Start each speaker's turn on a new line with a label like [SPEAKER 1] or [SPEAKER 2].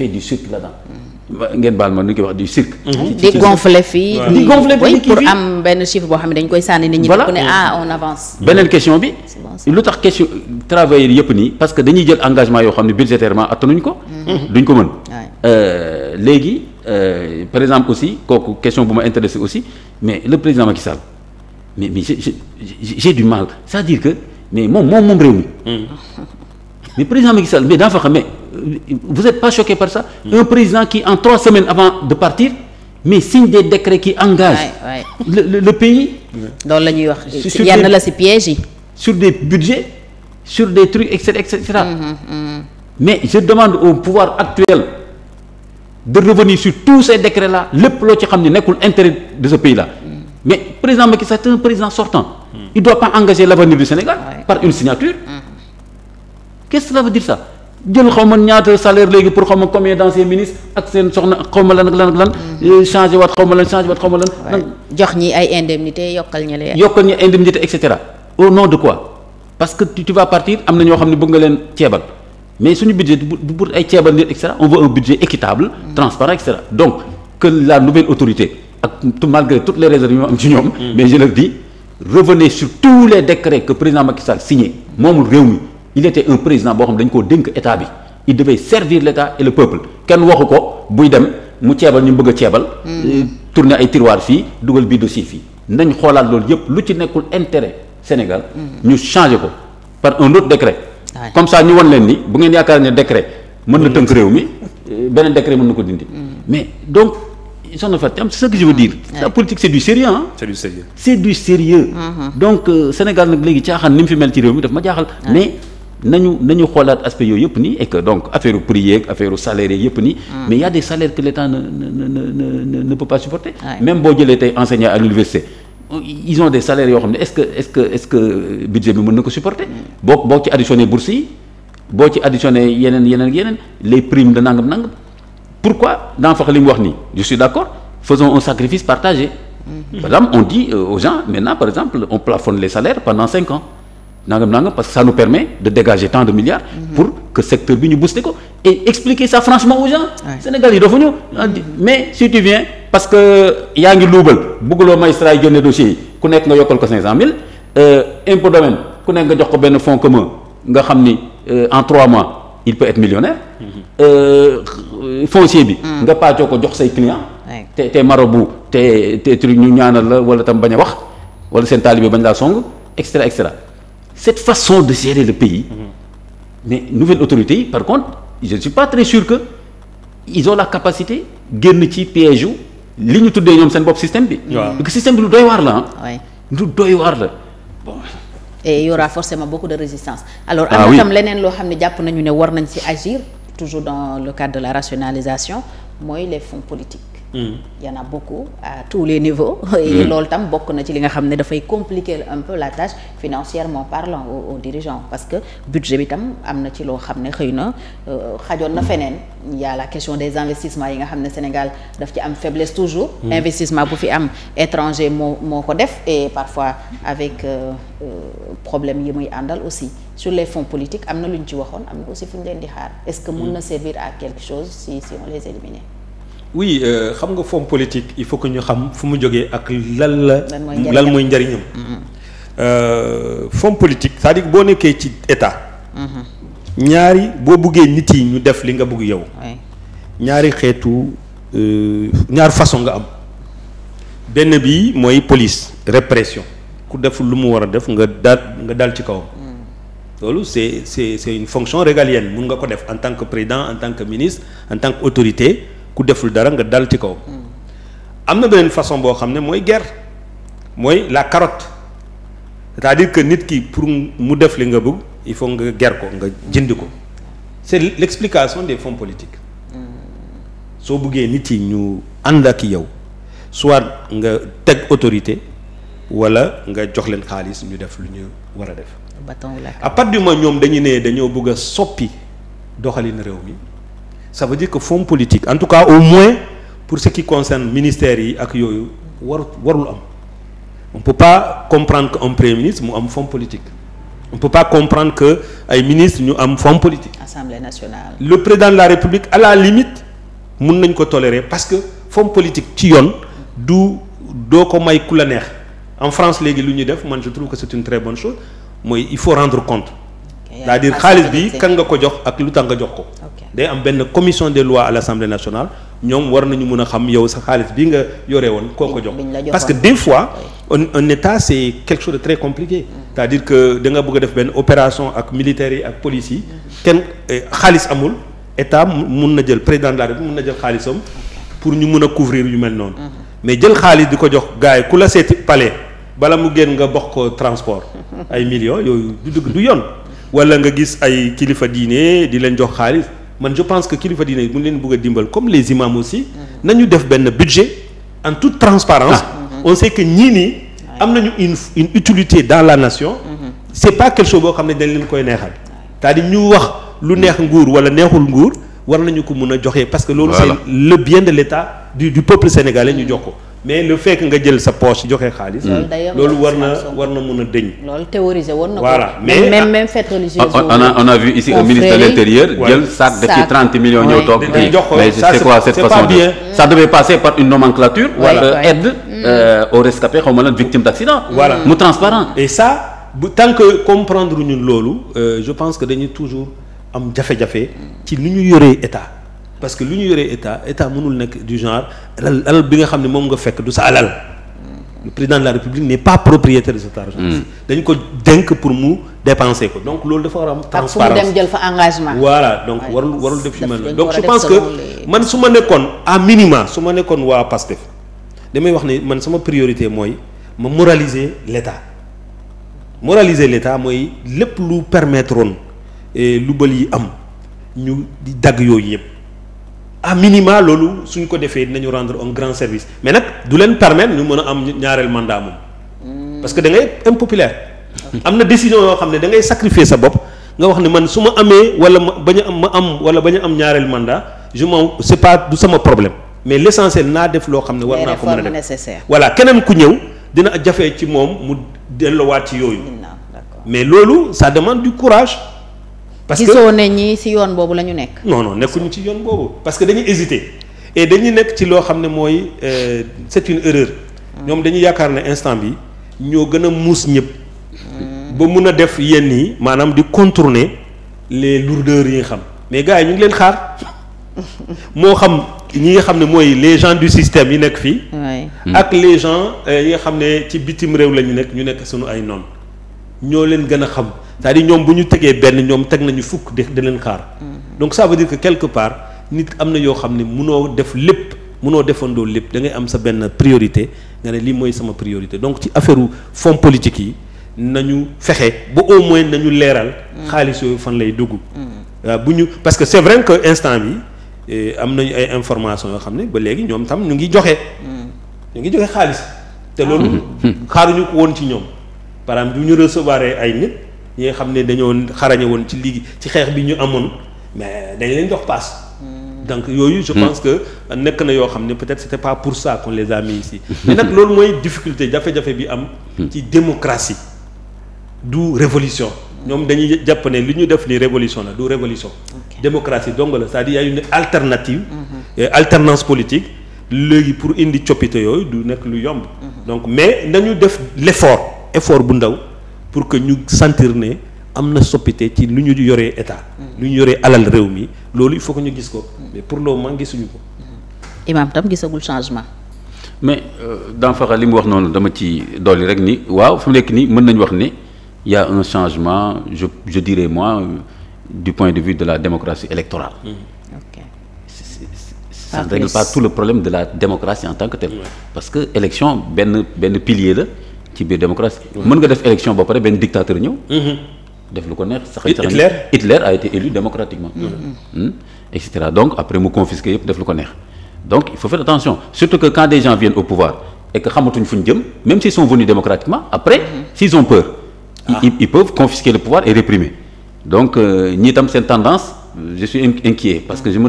[SPEAKER 1] fait du cirque là-dedans. ngeen baal ma nu ñu koy wax du cirque. Mhm. di gonfler fii di gonfler fii pour
[SPEAKER 2] am benn chiffre boo xam ne dañ koy sànni nit ñi. voilà ne ah on avance. beneen question bi.
[SPEAKER 1] lu tax question travailleurs yëpp nii parce que dañuy jël engagement yoo xam ne budgétairement attanuñ ko. Mhm. duñ ko mën. Euh, léegi euh, par exemple aussi kooku question bu ma intéressé aussi mais le président Macky Sall mais mais j' ai j' ai du mal cest dire que mais moom moom moom réew mi. Mm. vous êtes pas choqué par ça mmh. un président qui en trois semaines avant de partir mais signe des décrets qui engagent ouais, Le, le, le pays loolu la ñuy wax yenn la si piège yi sur des budgets sur des trucs etc etc hmm, hmm, hmm. mais je demande au pouvoir actuel de revenir sur tous ces décrets là lépp loo ci xam ne nekkul intérêt de ce pays là mais président Macky Sall est un président sortant il doit pas engager l'avenir du Sénégal par une signature qu'est-ce que cela veut dire ça jël xaw ma ñaata salaire léegi pour xaw ma combien d'anciens ministres ak seen soxna xaw ma lan ak lan ak lan. Mhm. changé xaw ma lan changé waat xaw ma lan.
[SPEAKER 2] jox ñi ay indemnité yokkal ñi la.
[SPEAKER 1] yokkal ñi indemnité et cetera au nom de quoi parce que tu vas partir am na ñoo xam ne bëgg nga leen ceebal mais suñu budget bu bu ay ceebal nit et on veut un budget équitable. Mhm. transparent et donc que la nouvelle autorité ak malgré toutes les réserves yoo am ci ñoom. Mhm. mais je leur dis revenez les décrets président Macky Sall signé moomul réew mi. il était un président boo xam dañ koo dénk état bi il devait servir l' état et le peuple kenn waxu ko buy dem mu ceebal ñu bëgg a ceebal. Hmm. Euh, tourner ay tiroir fii dugal bii dossier fii nañ xoolaat loolu yëpp lu ci nekkul intérêt Sénégal. Hmm. ñu changé ko par un autre décret. Ouais. comme ça ñu won leen ni bu ngeen yaakaar ne décret. mën na tënk réew mi euh, beneen décret mën na ko dindi. Hmm. mais donc soxna Fatou am c'est ça que je veux dire. Ouais. la politique c'est du sérieux c'est donc euh, léegi caaxaan ni mu fi mel ci réew mi daf ma jaaxal mais. nañu nañu xoolaat aspect yooyu yëpp nii et que donc affaire u prix yeeg affaire u salaire yëpp nii hmm. mais y a des salaires que l'État ne ne ne ne ne peut pas supporter ouais. même boo jëlee tey enseignant à l'université ils ont des salaires yoo xam ne est-ce que est-ce que est-ce que budget bi mën na ko supporter hmm. boo boo ci additionné bourse yi boo ci additionné yeneen yeneen yeneen les primes de nangam nangam pourquoi dans fax li mu wax nii je suis d'accord faisons un sacrifice partagé hmm. par exemple on dit euh, aux gens maintenant par exemple on plafonne les salaires pendant cinq ans nangam nangam parce que ça nous permet de dégager tant de milliards. Mhm. pour que secteur bi ñu booster ko et expliquer ça franchement aux gens. Ouais. Sénégal yi dafa ñu mais si tu parce que yaa ngi luubal bëggloo magistrat yi génne dossier yi ku nekk nga yokkal ko 500000 euh, impôt domaine ku nekk nga jox ko benn fonds commun nga xam ni euh, en trois mois. il peut être millionnaire mhm. euh, bi mm. nga paccoo ko jox say client te maro bu te te truc ñu ñaanal la wala tam bañ wax wala seen bañ laa song et cetera et cetera cette façon de gérer le pays mhm. mais nouvelle autorité par contre je ne suis pas très sûr que ils ont la capacité génn ci piège u li ñu tuddee ñoom seen bopp système bi. waaw parce que système bi lu doy waar la ah. doy waar la bon.
[SPEAKER 2] et il y aura forcément beaucoup de résistance. alors ah am tam leneen loo xam ne jàpp nañu ne war nañ ci agir toujours dans le cadre de la rationalisation mooy les fonds politiques. Mm. y en a beaucoup à tous les niveaux. et mm. loolu tam bokk na ci li nga xam ne dafay compliquer un peu la tâche financièrement parlant au aux parce que budget bi tam am na ci loo xam ne xëy na euh, xajoon na feneen y la question des investissements yi nga xam ne Sénégal daf ci am faiblesse toujours. Mm. investissement bu fi am étranger moo moo ko def et parfois avec euh, euh, problème yi muy àndal aussi. sur les fonds politiques am na lu ñu ci waxoon am na aussi fu ñu leen di xaar que mën na servir à quelque chose si si on
[SPEAKER 3] oui euh, xam nga forme politique il faut que ñu xam fu mu jógee ak lan la. lan mooy njëriñam mm-hmm. euh, forme politique cest à boo nekkee ci état.
[SPEAKER 2] Mm-hmm.
[SPEAKER 3] ñaari boo buggee nit yi ñu def li nga bugg yow. ñaari xeetu euh, ñaar façon nga am benn bi mooy police répression ku def lu mu war a def nga daal nga daal ci kawam. Mm. loolu c'est c'est c'est une fonction régalienne mun nga ko def en tant que président en tant que ministre en tant que autorité. ku deful dara nga dal ci kaw am na beneen façon boo xam ne mooy guerre mooy la carotte c'est-à-dire que nit ki pour mu def li nga bëgg il faut nga guerre ko nga jënd ko c'est l'explication des fonds politiques soo buggee nit yi ñu ànd ak yow soit nga teg autorité walla nga jox leen xaalis ñu def lu ñu war a def à partir du moment ñoom dañu ne dañoo bëgg a soppi doxalin réew mi ça veut dire que fonds politique en tout cas au moins pour ce qui concerne ministères yi ak yooyu war warul am on peut pas comprendre que un premier ministre mu am fonds politique on peut pas comprendre que ay ministre ñu am fonds politique
[SPEAKER 2] assemblée nationale
[SPEAKER 3] le président de la république à la limite mun nañ ko tolérer parce que fonds politique ci yoon du doo ko may ku la neex en France léegi lu ñuy def man je trouve que c'est une très bonne chose mooy il faut rendre compte c'est-à-dire xaalis bi kan nga ko jox ak lu tax nga jox ko day am benn commission des lois à l'Assemblée nationale ñoom war nañu mun a xam yow sa xaalis bi nga yore woon koo ko jox parce que des fois un un état c'est quelque chose de très compliqué mm. cest dire que danga bëgg def benn opération ak militaires yi ak police yi mm. kenn eh, xaalis amul état mun na jël président de la République mun na jël xaalisam pour ñu mun a couvrir yu mel noonu mm-hmm. mais jël xaalis di ko jox gars yi ku seeti palais bala mu génn nga ko transport ay millions yooyu du dëgg du yoon wala nga gis ay kilifa diine di leen jox xaalis man je pense que kilifa diine bu ñu leen bëgg a dimbal comme les imams aussi mm-hmm. nañu def benn budget en toute transparence ah. mm-hmm. on sait que ñii nii am nañu une une utilité dans la nation mm-hmm. c'est pas quelque chose boo xam ne dañ leen koy neexal cest à ñu wax lu neex nguur wala neexul nguur war nañu ko mun a joxe parce que loolu c'est le bien de l'État du du peuple sénégalais ñu jox ko mais lu fekk nga jël sa poche joxe xaalis. loolu war na war na mën a dëñ.
[SPEAKER 2] loolu théorisé woon voilà mais même même fête religieuse. on a on a vu ici au ministre de
[SPEAKER 3] l'intérieur jël sac def ci trente millions ñëw toog.
[SPEAKER 1] mais c'est quoi cette façon de ça devait passer par une nomenclature. wala aide mm. euh, aux rescapés xaw ma lan victime d'accident. mu
[SPEAKER 3] transparent. et ça bu tant que comprendre ñun loolu euh, je pense que dañuy toujours am jafe-jafe ci nu ñu yoree état. parce que lu ñu yore état état mënul nekk du genre alal alal bi nga xam ne moom nga fekk du sa alal hmm. président de la république n'est pas propriétaire de cet argent hmm. dañ ko dénk pour mu dépenser ko donc loolu dafa war am transparence ak fu mu
[SPEAKER 2] dem engagement
[SPEAKER 3] voilà donc warul warul def yu mel noonu donc je pense que man su ma nekkoon à minima su ma nekkoon waa PASTEF damay wax ne man sama priorité mooy ma moraliser l'état moraliser l'état mooy lépp lu permettre woon eh, lu bël yi am ñu di dagg yooyu yëpp à minima loolu suñ ko defee dinañu rendre un grand service mais nag du leen permettre ñu mën a am ñaareel mandat moom. parce que da ngay impopulaire. am na décision yoo xam ne da ngay sacrifier sa bopp nga wax ne man su ma amee wala ma bañ am ma am wala bañ am ñaareel mandat je m'en c'est pas du sama problème mais l'essentiel naa def loo xam ne. war naa ko mën a def voilà keneen ku ñëw dina jafee ci moom mu delloowaat ci yooyu. mais loolu ça demande du courage.
[SPEAKER 2] parce que gisoo ne ñii si yoon boobu la ñu nekk.
[SPEAKER 3] non non nekkuñu ci yoon boobu parce que dañuy hésiter et dañuy nekk ci loo xam ne mooy euh, c'est une erreur. ñoom dañuy yaakaar ne instant bi ñoo gën a muus ñëpp. ba mun a def yenn yi maanaam di contourner les lourdeurs yi xam mais gars yi ñu ngi leen xaar moo xam ñi nga xam ne mooy les gens du système yi nekk fii. ak les gens euh, yi nga xam ne ci bitim réew la ñu nekk ñu nekk suñu ay noon ñoo leen gën a xam. cest à ñoom bu ñu tegee benn ñoom teg nañu fukk di di leen xaar mm-hmm. donc ça veut dire que quelque part nit am na yoo xam ne munoo def lépp munoo defandoo lépp da ngay am sa benn priorité nga ne lii mooy sama priorité donc ci affaire fonds politique yi ñu fexe ba au moins ñu leeral mm-hmm. xaalis yooyu fan lay dugg mm-hmm. euh, bu ñu parce que c'est vrai que instant bi eh, am nañu ay information yoo xam ne ba léegi ñoom tam ñu ngi joxe ñu ngi joxe xaalis te loolu xaaruñu ko woon ci ñoom par exemple ñu recevoir ay nit ñi nga xam ne dañoo xarañe woon ci liggéey ci xeex bi ñu amoon mais dañ leen jox paas. Hmm. donc yooyu je hmm. pense que nekk na yoo xam ne peut-être c'était pas pour ça qu'on les a mis ici mais nag loolu mooy difficulté jafe bi am hmm. ci démocratie du révolution ñoom dañuy jàpp li ñu def ni révolution la du révolution okay. démocratie dong la c'est-à-dire y a une alternative léegi pour indi coppite yooyu du nekk lu yomb donc mais nañu def l'effort effort bu ndaw pour que ñu sentir ne am na soppite ci lu ñu yoree état. lu ñu yore alal réew mi loolu il faut que ñu gis ko. mais pour le moment
[SPEAKER 2] gisuñu ko. imaam tam gisagul changement.
[SPEAKER 3] mais euh, Danfara li mu wax noonu
[SPEAKER 1] dama ci dolli rek ni waaw fu mu nekk nii mën nañu wax ni y un changement je je dirais moi du point de vue de la démocratie électorale.
[SPEAKER 2] Mm-hmm. ok ça ne règle pas tout
[SPEAKER 1] le problème de la démocratie en tant que telle. parce que élection benn benn pilier la. ci biir démocratie. mën nga def élection ba pare dictateur ñëw. Mhm. def lu ko neex Hitler Hitler a été élu démocratiquement. Mhm. Mhm. et cetera donc après mu confisqué yëpp def lu ko neex donc il faut faire attention surtout que quand des gens viennent au pouvoir et que xamatuñ fu ñu jëm même s'ils sont venus démocratiquement après s'ils ont peur. Ah. ils peuvent confisquer le pouvoir et réprimer donc euh, ñi tam tendance je suis inquiet parce que je me